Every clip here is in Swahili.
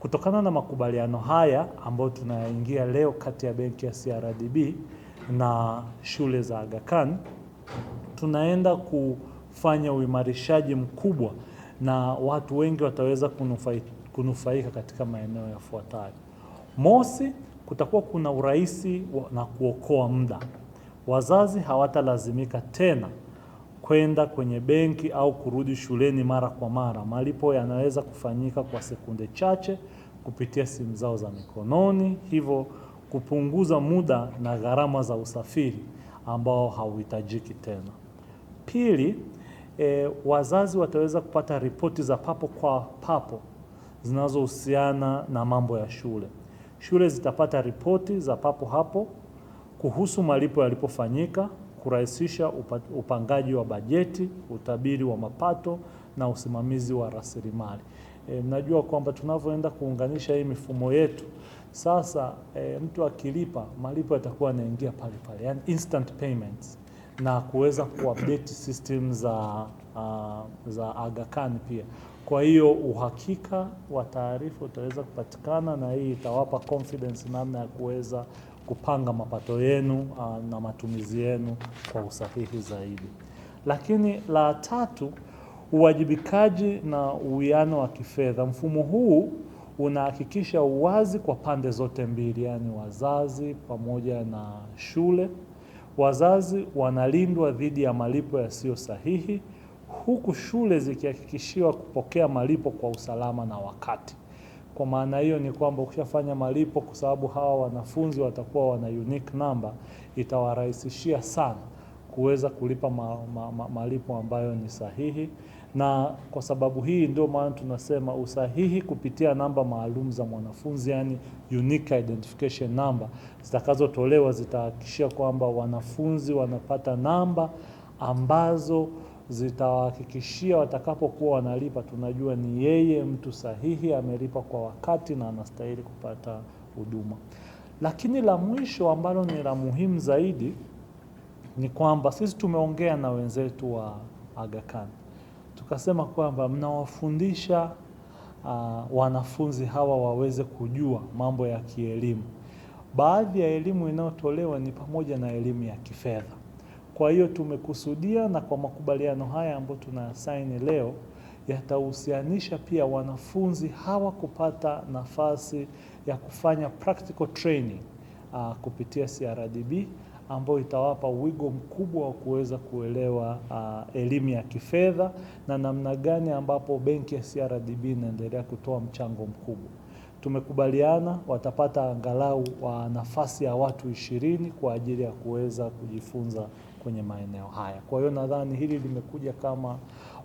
Kutokana na makubaliano haya ambayo tunayaingia leo kati ya benki ya CRDB na shule za Aga Khan, tunaenda kufanya uimarishaji mkubwa na watu wengi wataweza kunufaika, kunufaika katika maeneo yafuatayo. Mosi, kutakuwa kuna urahisi na kuokoa muda. Wazazi hawatalazimika tena kwenda kwenye benki au kurudi shuleni mara kwa mara. Malipo yanaweza kufanyika kwa sekunde chache kupitia simu zao za mikononi, hivyo kupunguza muda na gharama za usafiri ambao hauhitajiki tena. Pili, e, wazazi wataweza kupata ripoti za papo kwa papo zinazohusiana na mambo ya shule. Shule zitapata ripoti za papo hapo kuhusu malipo yalipofanyika kurahisisha upangaji wa bajeti, utabiri wa mapato na usimamizi wa rasilimali. E, najua kwamba tunavyoenda kuunganisha hii mifumo yetu sasa, e, mtu akilipa malipo yatakuwa yanaingia pale pale, yani instant payments na kuweza kuupdate system za, uh, za Aga Khan pia. Kwa hiyo uhakika wa taarifa utaweza kupatikana, na hii itawapa confidence namna ya kuweza kupanga mapato yenu ah, na matumizi yenu kwa usahihi zaidi. Lakini la tatu, uwajibikaji na uwiano wa kifedha. Mfumo huu unahakikisha uwazi kwa pande zote mbili, yaani wazazi pamoja na shule. Wazazi wanalindwa dhidi ya malipo yasiyo sahihi, huku shule zikihakikishiwa kupokea malipo kwa usalama na wakati. Kwa maana hiyo ni kwamba ukishafanya malipo, kwa sababu hawa wanafunzi watakuwa wana unique number, itawarahisishia sana kuweza kulipa ma, ma, ma, malipo ambayo ni sahihi, na kwa sababu hii ndio maana tunasema usahihi kupitia namba maalum za mwanafunzi, yani unique identification number zitakazotolewa zitahakikishia kwamba wanafunzi wanapata namba ambazo zitawahakikishia watakapokuwa wanalipa, tunajua ni yeye mtu sahihi, amelipa kwa wakati na anastahili kupata huduma. Lakini la mwisho ambalo ni la muhimu zaidi ni kwamba sisi tumeongea na wenzetu wa Aga Khan tukasema kwamba mnawafundisha uh, wanafunzi hawa waweze kujua mambo ya kielimu. Baadhi ya elimu inayotolewa ni pamoja na elimu ya kifedha. Kwa hiyo tumekusudia na kwa makubaliano haya ambayo tunasaini leo yatahusianisha pia wanafunzi hawa kupata nafasi ya kufanya practical training uh, kupitia CRDB ambayo itawapa wigo mkubwa wa kuweza kuelewa uh, elimu ya kifedha na namna gani ambapo benki ya CRDB inaendelea kutoa mchango mkubwa tumekubaliana watapata angalau wa nafasi ya watu ishirini kwa ajili ya kuweza kujifunza kwenye maeneo haya. Kwa hiyo nadhani hili limekuja kama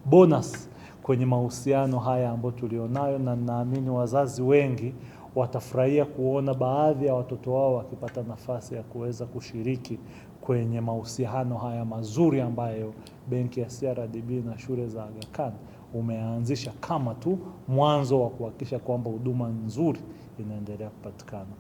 bonus kwenye mahusiano haya ambayo tulionayo, na naamini wazazi wengi watafurahia kuona baadhi ya watoto wao wakipata nafasi ya kuweza kushiriki kwenye mahusiano haya mazuri ambayo benki ya CRDB na shule za Aga Khan umeanzisha kama tu mwanzo wa kuhakikisha kwamba huduma nzuri inaendelea kupatikana.